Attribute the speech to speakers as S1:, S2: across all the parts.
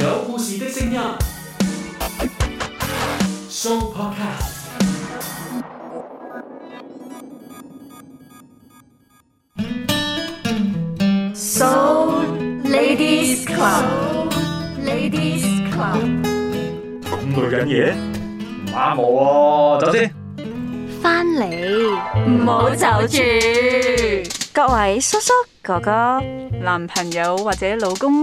S1: 有故
S2: 事的聲音，So Podcast，So
S1: Ladies Club，So Ladies Club，咁女人嘢，唔啱我喎，走先。
S2: 翻嚟，唔好走住，各位叔叔哥哥、
S3: 男朋友或
S2: 者老公。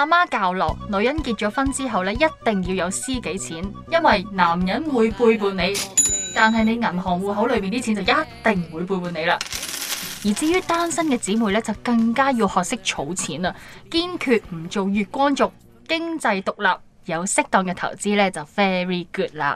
S2: 阿媽教落，女人結咗婚之後咧，一定要有私己錢，因為男人會背叛你，但係你銀行戶口裏邊啲錢就一定唔會背叛你啦。而至於單身嘅姊妹咧，就更加要學識儲錢啦，堅決唔做月光族，經濟獨立，有適當嘅投資咧就 very good 啦。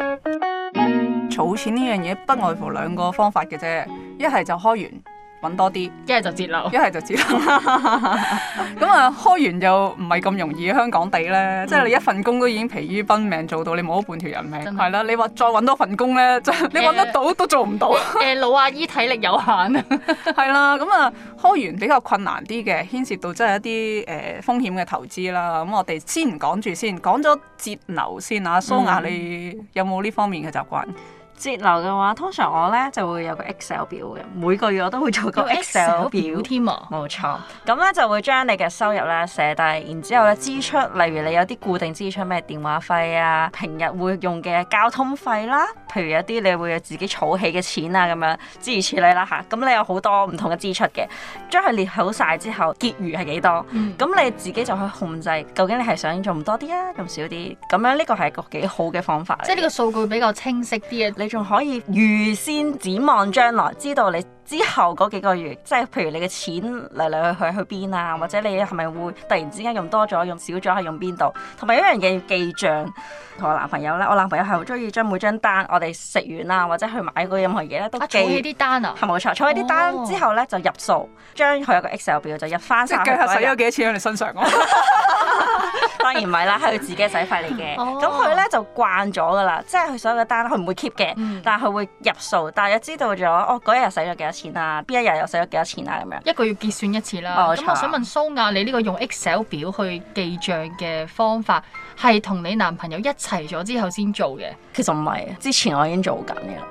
S2: 儲錢呢樣嘢不外乎兩個方法嘅啫，一係就開完。多啲，
S3: 一係就節流，一係就節流。咁啊，開源又唔係咁容易，香港地咧，嗯、即係你一份工都已經疲於奔命，做到你冇咗半條人命，係啦的。你話再搵多份工咧，真 係你搵得到都做唔到。
S2: 誒、呃呃，老阿姨體力有限啊，係啦。咁啊，
S3: 開源比較困難啲嘅，牽涉到即係一啲誒、呃、風險嘅投資啦。咁我哋先唔講住先，講咗節流先啊。蘇雅，你有冇呢方面嘅習慣？嗯
S4: 節流嘅話，通常我呢就會有個 Excel 表嘅，每個月我都會做個 Excel 表添，冇錯，咁呢 就會將你嘅收入呢寫低，然之後呢支出，例如你有啲固定支出咩電話費啊，平日會用嘅交通費啦、啊，譬如有啲你會有自己儲起嘅錢啊咁樣，諸如此類啦嚇。咁、啊、你有好多唔同嘅支出嘅，將佢列好晒之後，結餘係幾多？咁、嗯、你自己就去控制，嗯、究竟你係想用多啲啊，用少啲？咁樣呢個係一個幾好嘅方法。即係呢
S2: 個數據比較清晰啲。
S4: 你仲可以預先展望將來，知道你之後嗰幾個月，即係譬如你嘅錢嚟嚟去去去邊啊，或者你係咪會突然之間用多咗、用少咗，係用邊度？同埋一樣嘢要記賬，同我男朋友咧，我男朋友係好中意將每張單，我哋食完啦、啊，或者去買嗰任何嘢咧，都記、啊、起啲單啊，係冇錯，記起啲單之後咧就入數，哦、將佢有個 Excel 表就入翻曬是，係計下使咗幾多錢喺、啊、你身上。 當然唔係啦，係佢 自己嘅使費嚟嘅。咁佢咧就慣咗㗎啦，即係佢所有嘅單，佢唔會 keep 嘅，但係佢會入數。但係知道咗，哦，嗰日使咗幾多錢啊？邊一日又使咗幾多錢啊？咁
S2: 樣一個月結算一次啦。咁錯我想問蘇亞，你呢個用 Excel 表去記賬嘅方法係同你男朋友一齊咗之後先做嘅？其實唔係啊，之前我已經做緊嘅啦。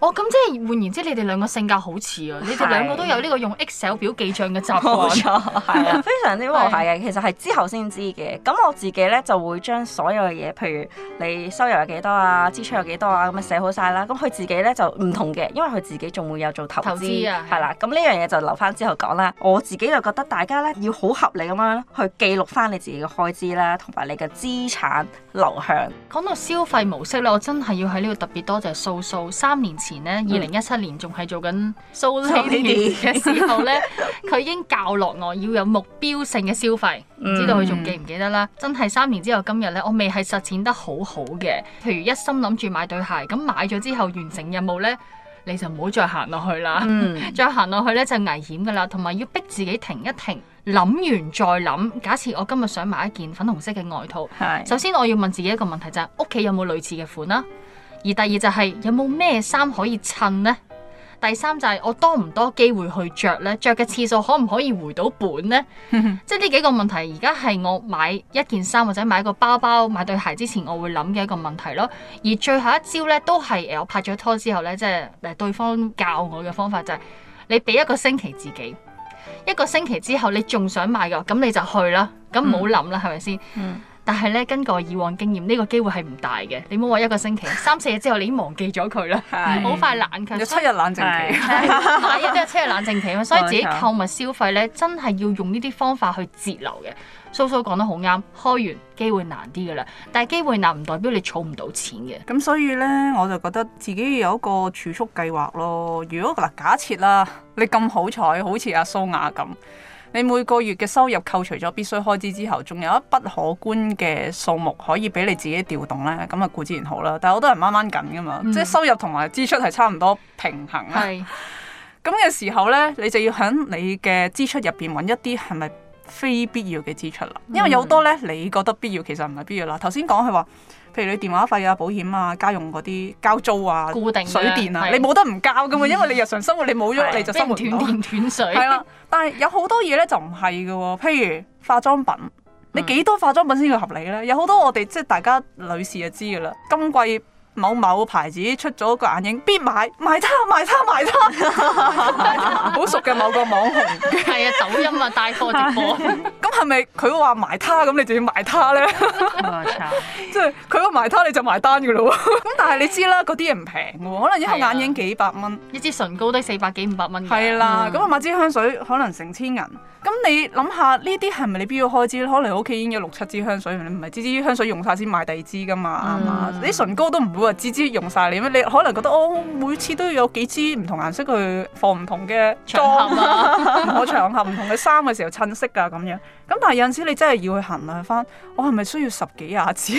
S2: 哦，咁即係換言之，你哋兩個性格好似啊！是你哋兩個都有呢個用 Excel 表記賬嘅習慣，係啊， 非常之唔同。嘅的，其實係之後先知嘅。咁我自
S4: 己呢，就會將所有嘅嘢，譬如你收入有幾多啊、支出有幾多啊，咁寫好晒啦。咁佢自己呢，就唔同嘅，因為佢自己仲會有做投資啊係啦。咁呢樣嘢就留翻之後講啦。我自己就覺得大家呢，要好合理咁樣去記錄翻你自己嘅開支啦，同埋你嘅資產流向。
S2: 講到消費模式呢，我真係要喺呢度特別多謝蘇蘇三年前。以前咧，二零一七年仲係做緊蘇菲呢件事嘅時候咧，佢 已經教落我要有目標性嘅消費，唔、嗯、知道佢仲記唔記得啦？真係三年之後今日咧，我未係實踐得好好嘅。譬如一心諗住買對鞋，咁買咗之後完成任務咧，你就唔好再行落去啦。嗯， 再行落去咧就危險㗎喇，同埋要逼自己停一停，諗完再諗。假設我今日想買一件粉紅色嘅外套，的首先我要問自己一個問題，就是，就係屋企有冇類似嘅款啦。而第二就係有冇咩衫可以襯呢？第三就係我多唔多機會去着呢？着嘅次數可唔可以回到本呢？ 即係呢幾個問題，而家係我買一件衫或者買個包包、買對鞋之前，我會諗嘅一個問題咯。而最後一招呢，都係我拍咗拖之後呢，即係誒，對方教我嘅方法就係你俾一個星期自己，一個星期之後你仲想買嘅，咁你就去啦，咁唔好諗啦，係咪先？吧但係咧，根據我以往經驗，呢、呢個機會係唔大嘅。你唔好話一個星期， 三四日之後你已經忘記咗佢啦，好 快冷卻。有七日冷靜期，買一對車七日冷靜期啊！所以自己購物消費咧，真係要用呢啲方法去節流嘅。蘇蘇講得好啱，開完機會難啲噶啦，但係機會難唔代表你儲唔到錢嘅。
S3: 咁所以咧，我就覺得自己有一個儲蓄計劃咯。如果嗱，假設啦，你咁好彩，好似阿蘇雅咁。你每個月嘅收入扣除咗必須開支之後，仲有一筆可觀嘅數目可以俾你自己調動咧，咁啊固自然好啦。但係好多人掹掹緊㗎嘛，嗯、即係收入同埋支出係差唔多平衡啦。咁嘅是 時候咧，你就要喺你嘅支出入邊搵一啲係咪？非必要嘅支出啦，因為有好多咧，你覺得必要其實唔係必要啦。頭先講係話，譬如你電話費啊、保險啊、家用嗰啲交租啊、固定水電啊，的你冇得唔交噶嘛，的因為你日常生活你冇咗的你就生活唔到。斷電斷水係啦，但係有好多嘢咧就唔係噶，譬如化妝品， 你幾多化妝品先叫合理咧？有好多我哋即係大家女士就知噶啦，今季。某某牌子出咗個眼影必買，買它買它買它，好 熟嘅某個網紅， 係啊，抖音啊，帶貨直播 是是，咁係咪佢話買它咁你就要買它咧？即係佢話買它你就埋單噶咯。喎！咁但係你知啦，嗰啲嘢唔平嘅，可能一個眼影
S2: 幾百蚊，啊、一支唇膏都四百幾五百蚊嘅，係啦、啊，咁買
S3: 支香水可能成千人。咁你諗下呢啲係咪你必要開支，可能屋企已經有六七支香水，你唔係支支香水用晒先買第二支噶嘛，啱嘛、嗯？你、嗯、唇膏都唔。我話支支用晒，你咩？你可能覺得哦，每次都要有幾支唔同顏色去放唔同嘅裝啊，唔同場合唔同嘅衫嘅時候襯色啊，咁樣。咁但係有陣時你真係要去衡量翻，我係咪需要十幾廿次？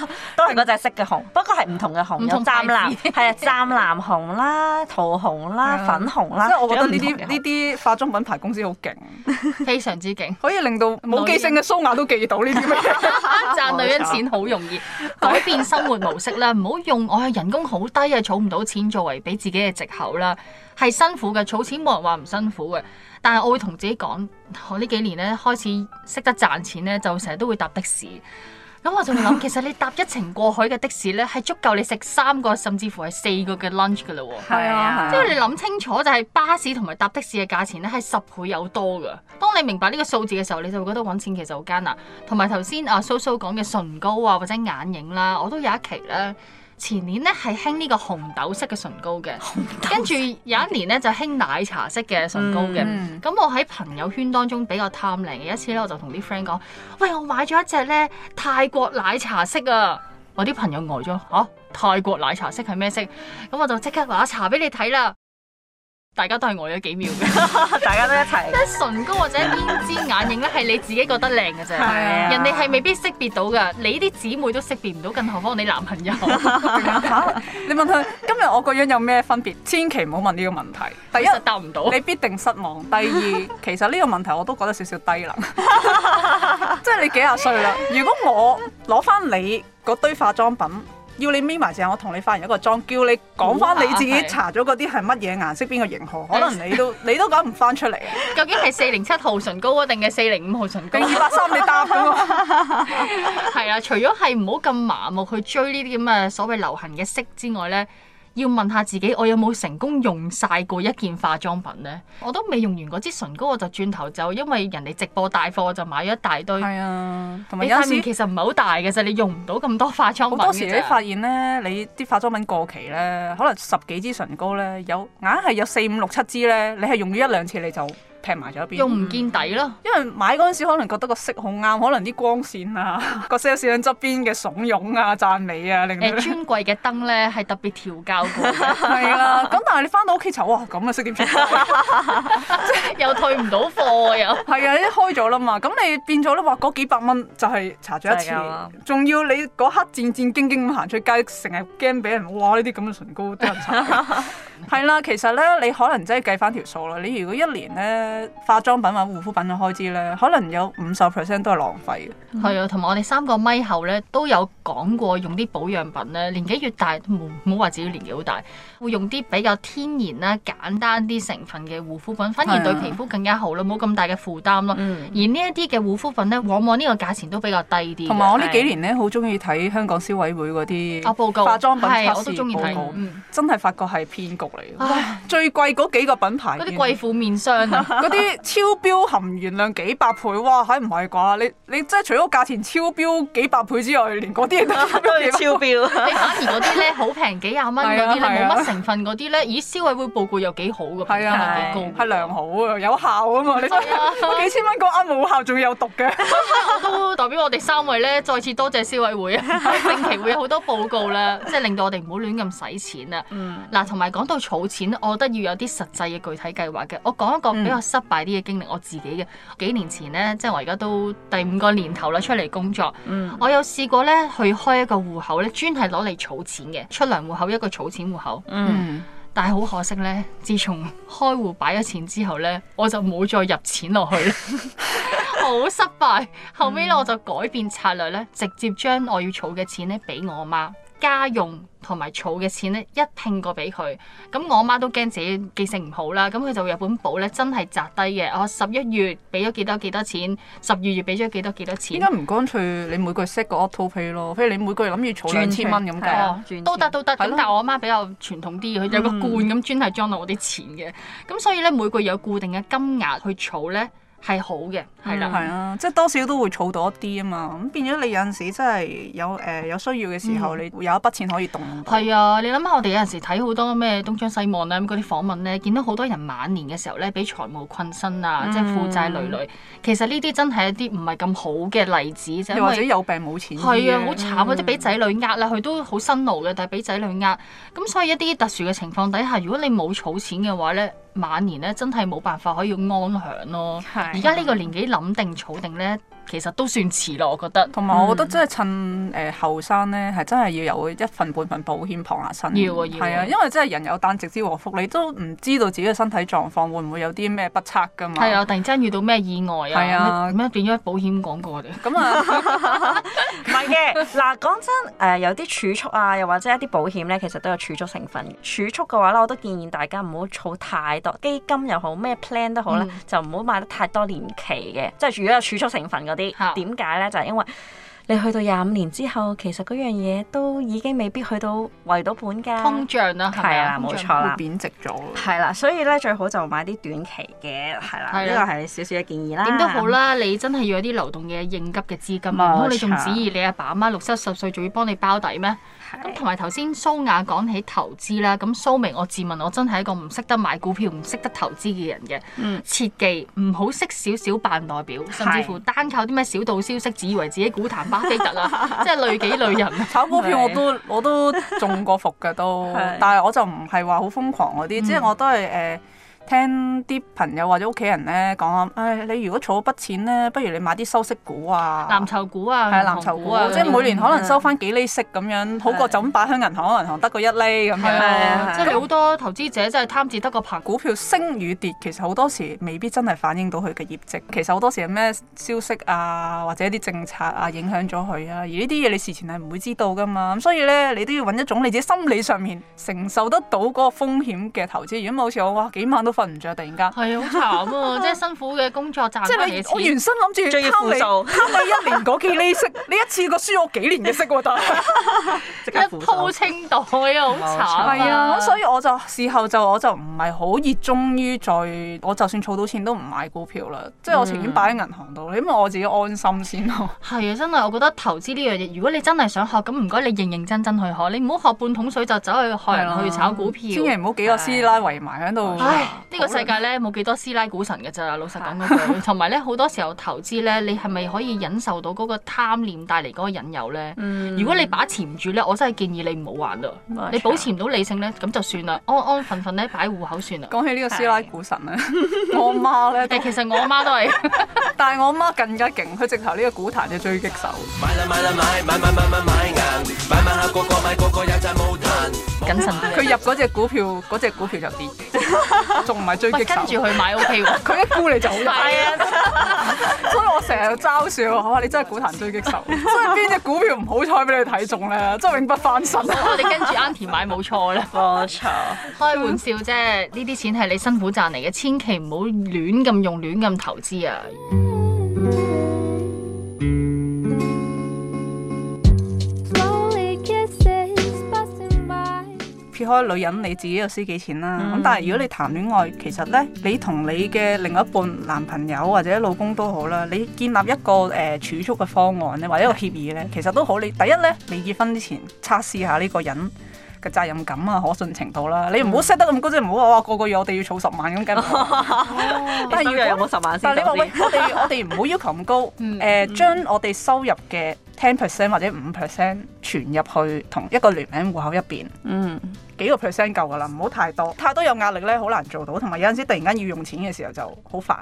S3: 都係嗰隻色嘅紅，不過係唔同嘅紅，唔同湛藍，
S4: 係 啊，湛藍紅啦、桃紅啦、嗯、粉紅啦。即係我覺得呢啲呢啲化妝品牌
S2: 公司好勁， 非常之勁， 可以令到冇記性嘅蘇雅都記到呢啲乜嘢。賺女人錢好容易， 改變生活模式啦，唔好用我係、哎、人工好低啊，儲唔到錢作為俾自己嘅藉口啦，係辛苦嘅，儲錢冇人話唔辛苦嘅。但係我會同自己講，我呢幾年咧開始識得賺錢咧，就成日都會搭的士。咁我仲諗，其實你搭一程過海嘅的，的士咧，係足夠你食三個甚至乎係四個嘅 lunch 噶啦。係啊，即係你諗清楚，就係、是、巴士同埋搭的士嘅價錢咧，係十倍有多噶。當你明白呢個數字嘅時候，你就會覺得揾錢其實好艱難。同埋頭先阿蘇蘇講嘅唇膏啊或者眼影啦、啊，我都有一期咧。前年咧係興呢個紅豆色嘅唇膏嘅，跟住有一年咧就興奶茶色嘅唇膏嘅。咁、嗯、我喺朋友圈當中比較貪靚嘅一次咧，我就同啲 friend 講，喂，我買咗一隻咧泰國奶茶色啊！我啲朋友呆咗嚇，啊，泰國奶茶色係咩色？咁我就即刻話茶俾你睇啦。大家都係呆咗幾秒嘅。 大家都一齊。即係唇膏或者胭脂眼影咧，係你自己覺得靚嘅啫，係啊，人哋係未必識別到噶。你啲姊妹都識別唔到，更何況你男朋友 你問佢今
S3: 日我個樣有咩分別？千祈唔好問呢個問題。第一答唔到，你必定失望。第二，其實呢個問題我都覺得少少低能，即係 你幾廿歲啦。如果我攞翻你嗰堆化妝品。要你搣埋正，我同你化完一個妝，叫你講翻你自己查咗嗰啲係乜嘢顏色，邊個型號，可能你都你都講唔翻出嚟。 究
S2: 竟係四零七號唇膏啊，定係四零五號唇膏？二八三，你答嘅喎。係啊，除咗係唔好咁麻木去追呢啲咁嘅所謂流行嘅色之外呢。要問下自己，我有冇成功用晒過一件化妝品呢？我都未用完嗰支唇膏，我就轉頭就因為人哋直播帶貨，我就買咗一大堆。係啊，同埋有時其實唔係好大嘅啫，你用唔到咁多化妝品。好多時你發現呢，你啲化妝品過期呢，
S3: 可能十幾支唇膏呢，有硬係有四五六七支呢。你係用咗一兩次你就。劈埋咗一邊，用唔見底咯。因為買嗰陣時可能覺得個色好啱，可能啲光線啊，個 sales 喺側邊嘅慫恿啊、讚美啊，令到、呃、專櫃嘅燈咧係特別調校過。係 啊，咁但係你翻到屋企查，哇咁 啊，識點算？即係又退唔到貨又係啊，你開咗啦嘛，咁你變咗咧話嗰幾百蚊就係搽咗一次，仲要 你嗰刻戰戰兢兢咁行出街，成日驚俾人哇呢啲咁嘅唇膏都人查。 係啦，其實咧，你可能真係計翻條數啦。你如果一年咧，
S2: 化妝品或者護膚品嘅開支咧，可能有五十 percent 都係浪費嘅。係啊、嗯，同埋我哋三個咪後咧都有講過，用啲保養品咧，年紀越大，唔好話自己年紀好大，會用啲比較天然啦、簡單啲成分嘅護膚品，反而對皮膚更加好咯，冇咁大嘅負擔咯。嗯、而呢一啲嘅護膚品咧，往往呢個價錢都比較低啲。同埋我呢幾年
S3: 咧，好中意睇香港消委會嗰啲啊報告，化妝品我都中意睇。嗯、真係發覺係騙局。唉，最貴嗰幾個品牌，嗰啲貴婦面霜啊，嗰啲超標含原量幾百倍，哇，係唔係啩？你你即係除咗價錢超標幾
S2: 百倍之外，連嗰啲都超標。你反而嗰啲咧，好平幾廿蚊嗰啲冇乜成分嗰啲咧，咦？消委會報告又幾好噶？係啊，幾高？係良好啊，有效啊嘛，你幾千蚊嗰噏冇效仲有毒嘅。都代表我哋三位咧，再次多謝消委會啊！定期會有好多報告咧，即係令到我哋唔好亂咁使錢啦。嗱，同埋講到。儲錢，我覺得要有啲實際嘅具體計劃嘅。我講一個比較失敗啲嘅經歷，我自己嘅。嗯、幾年前呢，即係我而家都第五個年頭啦，出嚟工作。嗯、我有試過呢，去開一個戶口咧，專係攞嚟儲錢嘅，出糧戶口一個儲錢戶口。嗯，嗯。但係好可惜呢，自從開戶擺咗錢之後呢，我就冇再入錢落去，好 失敗。後尾咧，我就改變策略呢，直接將我要儲嘅錢呢，俾我阿媽。家用同埋儲嘅錢咧一拼過俾佢，咁我媽都驚自己記性唔好啦，咁佢就會有本簿咧，真係扎低嘅。我十一月俾咗幾多幾多錢，十二月俾咗幾多幾多錢。點
S3: 解唔乾脆你每個月 set 個 auto pay 咯，即係你每個月諗住儲兩千蚊咁計，都得
S2: 都得。咁但係我媽比較傳統啲，佢有個罐咁專係裝到我啲錢嘅，咁所以咧每個月有固定嘅金額去儲咧。係好嘅，係啦、嗯，係嘅啊，即係多少都會儲到一啲啊嘛，咁變咗你有陣時真係有誒、呃、有需要嘅時候，嗯、你有一筆錢可以動用。係啊，你諗下我哋有陣時睇好多咩東張西望咧，嗰啲訪問咧，見到好多人晚年嘅時候咧，俾財務困身啊，嗯、即係負債累累。其實呢啲真係一啲唔係咁好嘅例子，或者有病冇錢，係啊，好慘啊！嗯、即係俾仔女呃啦，佢都好辛勞嘅，但係俾仔女呃，咁所以一啲特殊嘅情況底下，如果你冇儲錢嘅話咧。晚年咧真係冇辦法可以安享咯。而家呢個年紀諗定儲定咧。其實都算遲咯，我覺得。同埋我覺得真
S3: 係趁誒後生咧，係、呃嗯、真係要有一份半份保險傍下身。要啊、嗯、要。係啊，因為真係人有旦夕之禍福，你都唔知道自己嘅身體狀況會唔會有啲咩不測㗎嘛。係啊，突然之
S2: 間遇到咩意外啊？係啊，咁樣變咗保險廣告。咁啊，
S4: 唔係嘅。嗱，講真誒、呃，有啲儲蓄啊，又或者一啲保險咧，其實都有儲蓄成分。儲蓄嘅話咧，我都建議大家唔好儲太多，基金又好，咩 plan 都好啦，嗯、就唔好買得太多年期嘅，即係如果有儲蓄成分啲點解呢？就係因為你去到廿五年之後，其實嗰樣嘢都已經未必去到維到本㗎，通脹啦，係啦，冇錯啦，貶值咗。係啦，所以呢，最好就買啲短期嘅，係啦，呢個係
S2: 少少嘅建議啦。點都好啦，你真係要有啲流動嘅應急嘅資金，唔通你仲指意你阿爸阿媽六七十歲仲要幫你包底咩？咁同埋頭先蘇雅講起投資啦，咁蘇明我自問我真係一個唔識得買股票、唔識得投資嘅人嘅，切忌唔好識少少扮代表，甚至乎單靠啲咩小道消息，自以為自己股壇巴菲特啊， 即係累己累人，炒股票我都是我都中過伏嘅都， 是但係我
S3: 就唔係話好瘋狂嗰啲，即係、嗯、我都係誒。呃聽啲朋友或者屋企人咧講啊，誒、哎、你如果儲咗筆錢咧，不如你買啲收息股啊，藍籌股啊，係啊藍籌股，嗯、即係每年可能收翻幾厘息咁樣，嗯、好過就咁擺響銀行，銀、嗯、行得個一厘咁樣。即係好多投資者真係貪字得個貧，股票升與跌，其實好多時未必真係反映到佢嘅業績。其實好多時係咩消息啊，或者啲政策啊影響咗佢啊，而呢啲嘢你事前係唔會知道噶嘛。咁所以咧，你都要揾一種你自己心理上面承受得到嗰個風險嘅投資。如果好似我哇幾晚都。瞓唔著，突然間係啊，好慘啊！即係辛
S2: 苦嘅工作賺唔到嘢錢，再要負受，負受一年嗰期利
S3: 息，你一次過
S2: 輸我幾年嘅息喎，得一鋪清袋啊！好慘啊！咁所以
S3: 我就事後就我就唔係好熱衷於再，我就算儲到錢都唔買股
S2: 票啦，即係我情願擺喺銀行度，你因為我自己安心先咯。係啊，真係我覺得投資呢樣嘢，如果你真係想學，咁唔該你認認真真去學，你唔好學半桶水就走去學去炒股票，千祈唔好幾個師奶圍埋喺度。呢個世界咧冇幾多師奶股神㗎咋，老實講句。同埋咧好多時候投資咧，你係咪可以忍受到嗰個貪念帶嚟嗰個引誘咧？如果你把持唔住咧，我真係建議你唔好玩啦。你保持唔到理性咧，咁就算啦，安安分分咧擺戶口算啦。講起呢個師奶股神啊，我媽咧，但其實我媽都係，但係我媽更加勁，佢直頭呢個股壇嘅追擊手。買
S1: 啦買啦買買買買買買硬，買買下個個買個個有讚冇彈。謹
S3: 慎啲。佢入嗰隻股票，嗰隻股票就跌。唔係追擊手跟住去買 OK 喎、啊，佢 一估你就好大 是啊， 所以我成日嘲笑我話你真係股壇追擊手、啊， 所以邊隻
S2: 股票唔好彩俾你睇中咧，真係永不翻身 我。我哋跟住 Auntie 買冇錯咧，冇錯。開玩笑啫，呢啲 錢係你辛苦賺嚟嘅，千祈唔好亂咁用、亂咁投資啊。開女人
S3: 你自己又輸幾錢啦咁，嗯、但係如果你談戀愛，其實咧你同你嘅另一半、男朋友或者老公都好啦，你建立一個誒、呃、儲蓄嘅方案咧，或者一個協議咧，其實都好。你第一咧，你未結婚之前測試下呢個人嘅責任感啊、可信程度啦，你唔好 set 得咁高，即唔好話個個月我哋要儲十萬咁計， 但係如果但係你話我哋我哋唔好要求咁高，誒、 欸呃、將我哋收入嘅 ten percent 或者五 percent 存入去同一個聯名戶口入邊，嗯。幾個 percent 夠㗎喇，唔好太多，太多有壓力咧，好難做到，同埋有陣時突然間要用錢嘅時候就好煩。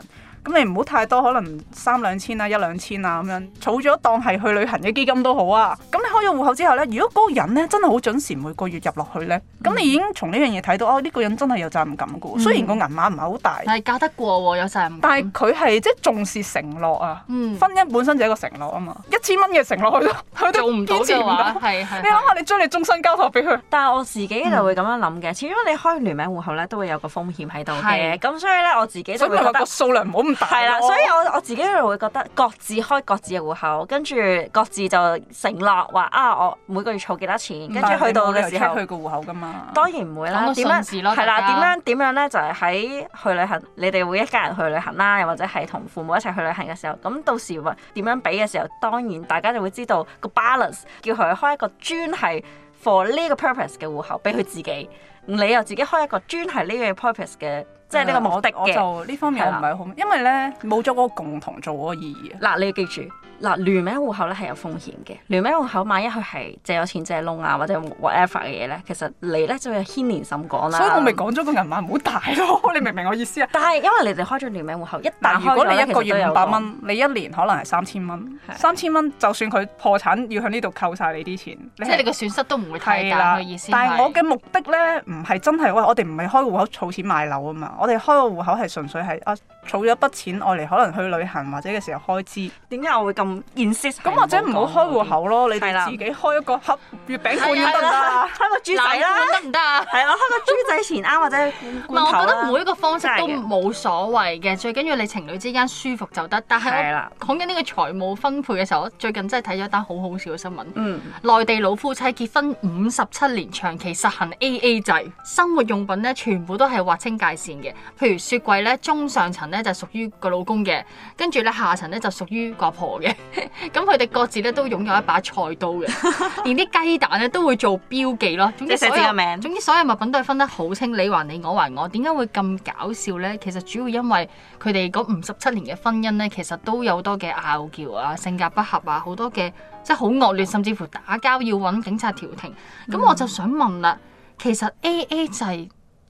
S3: 咁你唔好太多，可能三兩千啊，一兩千啊咁樣，儲咗當係去旅行嘅基金都好啊。開咗戶口之後咧，如果嗰個人咧真係好準時每個月入落去咧，咁你已經從呢樣嘢睇到哦，呢個人真係有責任感噶。雖然個銀碼唔係好大，
S2: 係交得過喎，有責任感。但係
S3: 佢係即係重視承諾啊。婚姻本身就係一個承諾啊嘛。一千蚊嘅承諾去咯，
S2: 佢做唔到嘅話，係你諗
S4: 下，你將你終身交託俾佢。但係我自己就會咁樣諗嘅，始終你開聯名戶口咧都會有個風險喺度嘅，咁所以咧我自己就會覺得數量唔好咁大。係啦，所以我我自己就會覺得各自開各自嘅戶口，跟住各自就承諾話。啊！我每個月儲幾多錢，跟住去到嘅時候去個戶口噶嘛，當然唔會啦。點樣係樣家啦？點樣點樣咧？就係、是、喺去旅行，你哋會一家人去旅行啦，又或者係同父母一齊去旅行嘅時候，咁到時話點樣俾嘅時候，當然大家就會知道個 balance，叫佢開一個專係 for 呢個 purpose 嘅戶口俾佢自己，你又自己開一個專係呢個 purpose 嘅，即係呢個目的，的、啊、我做呢方面我唔係好，啊、因為咧冇咗嗰個共同做嗰個意義。嗱，你要記住。嗱，聯名戶口咧係有風險嘅，聯名戶口萬一佢係借咗錢借窿啊，或者 whatever 嘅嘢咧，其實你咧就會牽連甚廣啦、啊。所以我咪講咗個銀碼唔好大咯，你明唔明我意思啊？ 但係因為你哋開咗聯名戶口，一旦如果你一個月五百蚊，
S3: 你一年可能係三千蚊，的三千蚊就算佢破產，要向呢度扣晒你啲錢，即係你嘅損失都唔會太大的意思。但係我嘅目的咧，唔係真係喂、哎，我哋唔係開個戶口儲錢買樓啊嘛，我哋開個戶口係純粹係啊。儲咗一筆錢，愛嚟可能去旅行或者嘅時候開支。點解我會咁 i n 咁或者唔好開戶口咯，
S2: 你自己開一個盒月餅罐啦，開個豬仔得唔得啊？係啦，開個豬仔前啱或者唔係，我覺得每一個方式都冇所謂嘅，最緊要你情侶之間舒服就得。但係講緊呢個財務分配嘅時候，我最近真係睇咗一單好好笑嘅新聞。嗯，內地老夫妻結婚五十七年，長期實行 A A 制，生活用品咧全部都係劃清界線嘅，譬如雪櫃咧中上層咧就屬於個老公嘅，跟住咧下層咧就屬於老婆嘅，咁佢哋各自咧都擁有一把菜刀嘅， 連啲雞蛋咧都會做標記咯。你總， 總之所有物品都係分得好清，你還你，我還我，點解會咁搞笑呢？其實主要因為佢哋嗰五十七年嘅婚姻呢，其實都有多嘅拗撬啊，性格不合啊，好多嘅即係好惡劣，甚至乎打交要搵警察調停。咁我就想問啦，其實 A A 制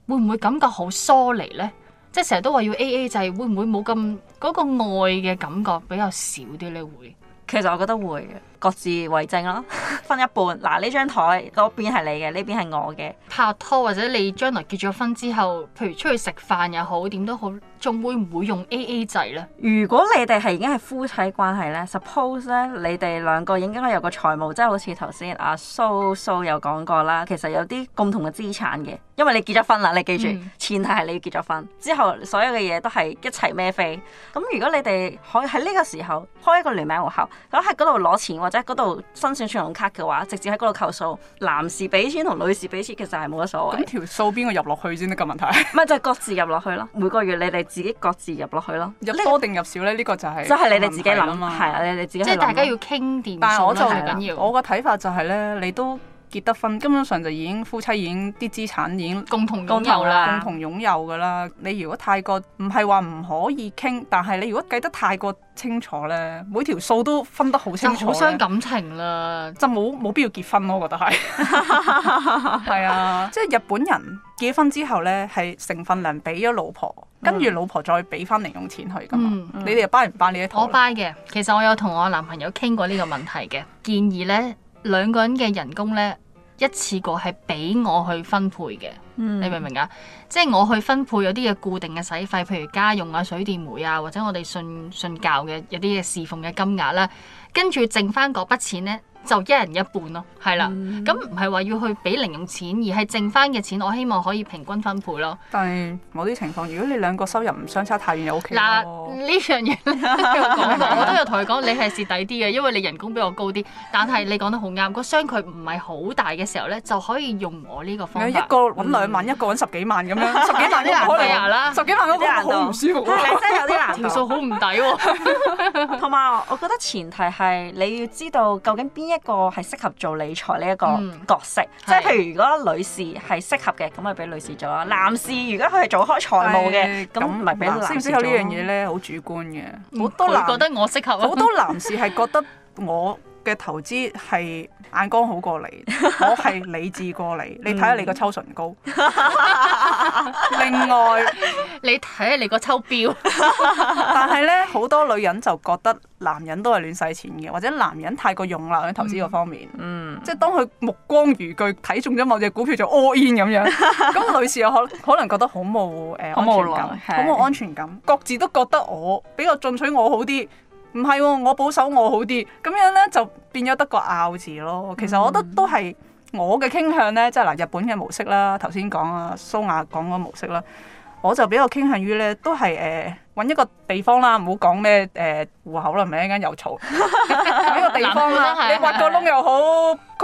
S2: 會唔會感覺好疏離呢？即係成日都話要 AA 制，會唔會冇咁嗰個愛嘅感覺比較少啲咧？會，其實我覺得會嘅。各自為政咯， 分一半。嗱，呢張台，嗰邊係你嘅，呢邊係我嘅。拍拖或者你將來結咗婚之後，譬如出去食飯又好，點都好，仲會唔會用 AA 制呢？
S4: 如果你哋係已經係夫妻關係呢，suppose 咧，你哋兩個已經應該有個財務，即係好似頭先阿蘇蘇有講過啦，其實有啲共同嘅資產嘅，因為你結咗婚啦，你記住前提係你要結咗婚之後，所有嘅嘢都係一齊孭飛。咁如果你哋可以喺呢個時候開一個聯名戶口，咁喺嗰度攞錢。或者嗰度申選信用卡嘅話，直接喺嗰度扣數。男士俾錢同女士俾錢，其實係冇乜所謂。咁條數邊個入落去先咧？個問題。唔係就係、是、各自入落去咯。每個月你哋自己各自入落去咯。入
S3: 多定入少咧？呢、這個就係。即係你哋自己諗啊。係
S2: 啊， 你哋自己諗。即係大家要傾掂先係緊
S3: 要。啦我嘅睇法就係、是、咧，你都。結得婚根本上就已經夫妻已經啲資產已經共同擁有啦，共同擁有噶啦。你如果太過唔係話唔可以傾，但係你如果計得太過清楚咧，每條數都分得好清楚，好傷感情啦。就冇冇必要結婚咯，我覺得係。係 啊，即係日本人結婚之後咧，係成份糧俾咗老婆，跟住、嗯、老婆再俾翻零用錢去噶嘛。
S2: 嗯、你哋又掰唔掰呢一套？我掰嘅，其實我有同我男朋友傾過呢個問題嘅建議咧。兩個人嘅人工呢，一次過係俾我去分配嘅，嗯、你明唔明啊？即係我去分配有啲嘅固定嘅使費，譬如家用啊、水電煤啊，或者我哋信信教嘅有啲嘅侍奉嘅金額啦、啊，跟住剩翻嗰筆錢呢。就一人一半咯，係啦，咁唔係話要去俾零用錢，而係剩翻嘅錢，我希望可以平均分配咯。但係某啲情況，如果你兩個收入唔相差太遠就 OK 喎。嗱呢樣嘢， 話 我都有同佢講，你係蝕底啲嘅，因為你人工比我高啲。但係你講得好啱，個差距唔係好大嘅時候咧，就可以用我呢個方法。你一個揾兩萬，
S3: 嗯、
S4: 一個揾 十幾萬
S2: 咁樣，十幾萬都唔可以呀啦，十幾萬嗰個好唔舒服，真係 有啲難度，條數
S4: 好唔抵喎。同埋我覺得前提係你要知道究竟邊。呢一個係適合做理財呢一個角色，嗯、即係譬如如果女士係適合嘅，咁咪俾女士做啦。嗯、男士如果佢係做開財
S3: 務嘅，咁咪俾男士做。適唔適合呢樣嘢咧，好主觀嘅。
S2: 好、嗯、多男，覺得我適合、啊。好多男士係
S3: 覺得我嘅投資係眼光好過你， 我係理智過你。你睇下你個抽唇膏。
S4: 嗯、 另
S3: 外。你睇下你個抽標，
S4: 但係咧，
S3: 好多女人就覺得男人都係亂使錢嘅，或者男人太過用啦喺投資嗰方面，嗯，即係當佢目光如炬睇中咗某隻股票就 all in 咁樣，咁女士又可可能覺得好冇誒，呃呃、安全感，是好冇安全感，各自都覺得我比較進取我好啲，唔係喎我保守我好啲，咁樣咧就變咗得個拗字咯。其實我覺得都係我嘅傾向咧，即係嗱日本嘅模式啦，頭先講啊，蘇雅講嗰個模式啦。我就比較傾向於咧，都係誒揾一個地方啦，唔好講咩誒戶口啦，咪 一間有儲
S4: 喺個地方啦， 你挖個窿
S3: 又好，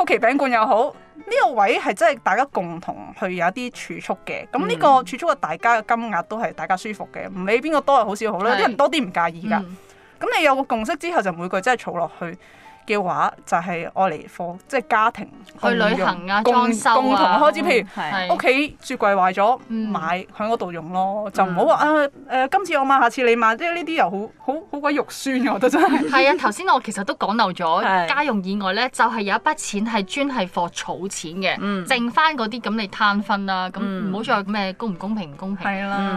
S3: 曲奇餅罐又好，呢、這個位係真係大家共同去有一啲儲蓄嘅。咁呢個儲蓄嘅大家嘅金額都係大家舒服嘅，唔理邊個多又好少好啦，啲是人多啲唔介意噶。咁、 嗯、你有個共識之後，就每個月真係儲落去。嘅話就係愛嚟放，即係家庭去旅行啊，裝修，共同開支。譬如屋企雪櫃壞咗，買喺嗰度用咯，就唔好話誒誒，今次我買，下次你買，即係呢啲又好好好鬼肉酸，我覺得真係。係啊，頭
S2: 先我其實都講漏咗家用以外咧，就係有一筆錢係專係放儲錢嘅，剩翻嗰啲咁你攤分啦，咁唔好再咩公唔公平唔公平。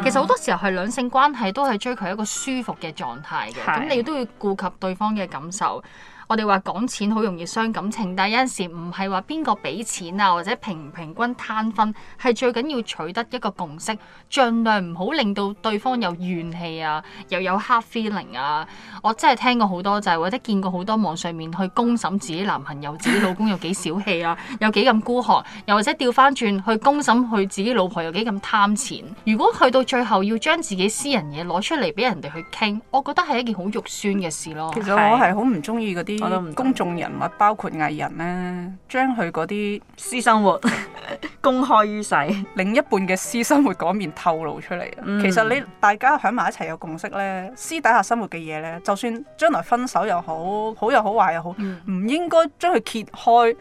S2: 其實好多時候係兩性關係都係追求一個舒服嘅狀態嘅，咁你都要顧及對方嘅感受。我哋話講錢好容易傷感情，但係有陣時唔係話邊個俾錢啊，或者平平均攤分，係最緊要取得一個共識，盡量唔好令到對方有怨氣啊，又有 hard feeling 啊。我真係聽過好多就係、是、或者見過好多網上面去公審自己男朋友、 自己老公有幾小氣啊，有幾咁孤寒，又或者調翻轉去公審佢自己老婆有幾咁貪錢。如果去到最後要將自己私人嘢攞出嚟俾人哋去傾，我覺得係一件好肉酸嘅事咯。其實我係
S3: 好唔中意嗰啲。公眾人物包括藝人咧，將佢嗰啲私生活 公開於於世， 另一半嘅私生活嗰面透露出嚟。Mm. 其實你大家喺埋一齊有共識呢，私底下生活嘅嘢呢，就算將來分手又好，好又好壞又好，唔、mm. 應該將佢揭開，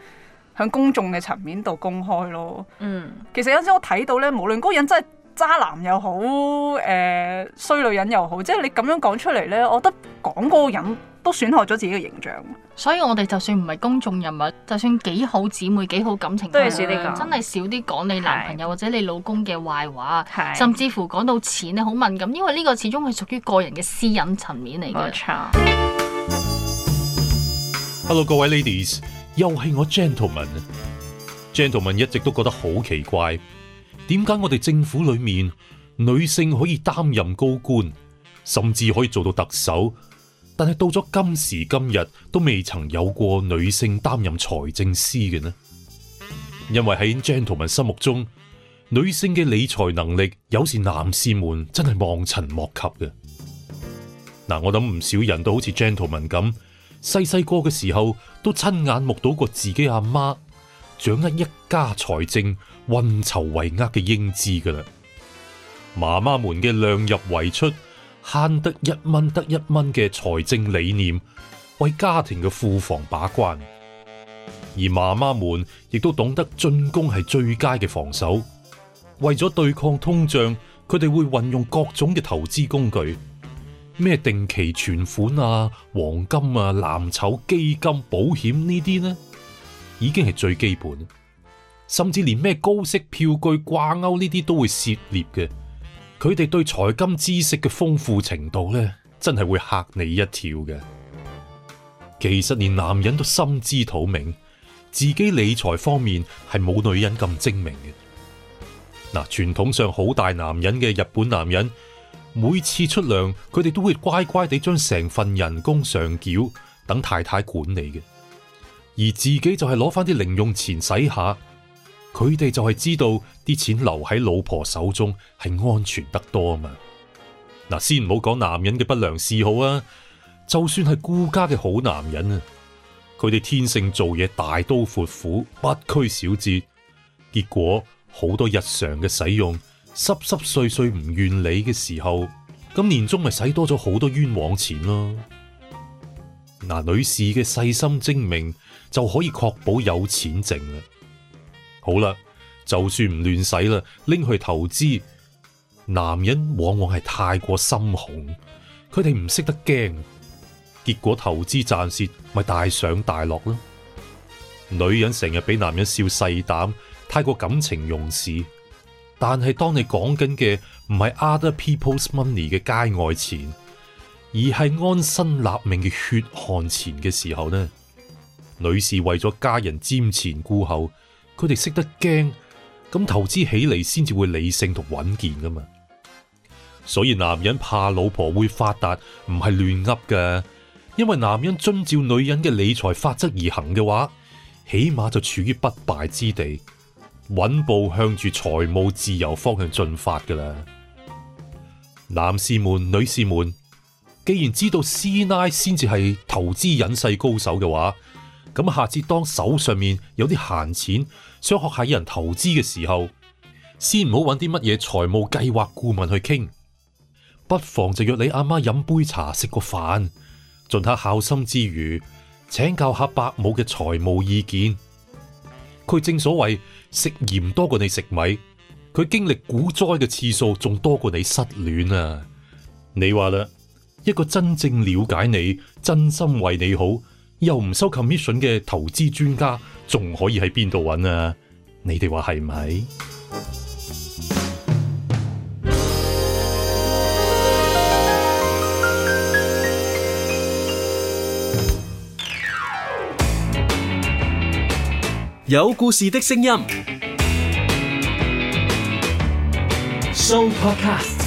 S3: 向公眾嘅層面度公開咯。嗯，mm. 其實有陣時我睇到呢，無論嗰個人真係渣男又好，誒、呃、衰女人又好，即、就、係、是、你咁樣講出
S2: 嚟呢，我覺得講嗰個人。Mm. 都損害咗自己嘅形象，所以我哋就算唔係公眾人物，就算幾好姊妹、幾好感情感，都係、這個、少啲講。真係少啲講你男朋友或者你老公嘅壞話，的甚至乎講到錢呢，好敏感，因為呢個始終係屬於個人嘅私隱層面嚟嘅。錯 Hello，
S1: 各位 ladies，又係我 gentleman。gentleman 一直都覺得好奇怪，點解我哋政府裡面女性可以擔任高官，甚至可以做到特首？但係到咗今時今日，都未曾有過女性擔任財政司嘅呢？因為喺 gentleman 心目中，女性嘅理財能力有時男士們真係望塵莫及嘅。嗱、啊，我諗唔少人都好似 gentleman 咁，細細個嘅時候都親眼目睹過自己阿媽掌握一家財政、運籌帷幄嘅英姿噶啦。媽媽們嘅量入為出。慳得一蚊得一蚊嘅財政理念，為家庭嘅庫房把關；而媽媽們亦都懂得進攻係最佳嘅防守，為咗對抗通脹，佢哋會運用各種嘅投資工具，咩定期存款啊、黃金啊、藍籌基金、保險呢啲呢，已經係最基本，甚至連咩高息票據掛鈎呢啲都會涉獵嘅。佢哋對財金知識嘅豐富程度呢，真係會嚇你一跳嘅。其實連男人都心知肚明，自己理財方面係冇女人咁精明嘅。嗱，傳統上好大男人嘅日本男人，每次出糧，佢哋都會乖乖地將成份人工上繳，等太太管理嘅，而自己就係攞翻啲零用錢使下。佢哋就係知道啲錢留喺老婆手中係安全得多啊嘛！嗱，先唔好講男人嘅不良嗜好啊，就算係顧家嘅好男人啊，佢哋天性做嘢大刀闊斧，不拘小節，結果好多日常嘅使用濕濕碎碎唔願理嘅時候，今年中咪使多咗好多冤枉錢咯。嗱、呃，女士嘅細心精明就可以確保有錢剩啦。好啦，就算唔亂使啦，拎去投資，男人往往係太過心紅，佢哋唔識得驚，結果投資賺蝕咪大上大落咯。女人成日俾男人笑細膽，太過感情用事。但係當你講緊嘅唔係 other people’s money 嘅街外錢，而係安身立命嘅血汗錢嘅時候呢？女士為咗家人瞻前顧後。佢哋識得驚，咁投資起嚟先至會理性同穩健噶嘛。所以男人怕老婆會發達，唔係亂噏噶。因為男人遵照女人嘅理財法則而行嘅話，起碼就處於不敗之地，穩步向住財務自由方向進發噶啦。男士們、女士們，既然知道師奶先至係投資隱世高手嘅話，咁下次當手上面有啲閒錢。想學下人投資嘅時候，先唔好揾啲乜嘢財務計劃顧問去傾，不妨就約你阿媽飲杯茶，食個飯，盡下孝心之餘，請教下伯母嘅財務意見。佢正所謂食鹽多過你食米，佢經歷股災嘅次數仲多過你失戀啊！你話啦，一個真正了解你、真心為你好又唔收 commission 嘅投資專家。仲可以喺邊度揾啊？你哋話係唔係？有故事的聲音，Show Podcast。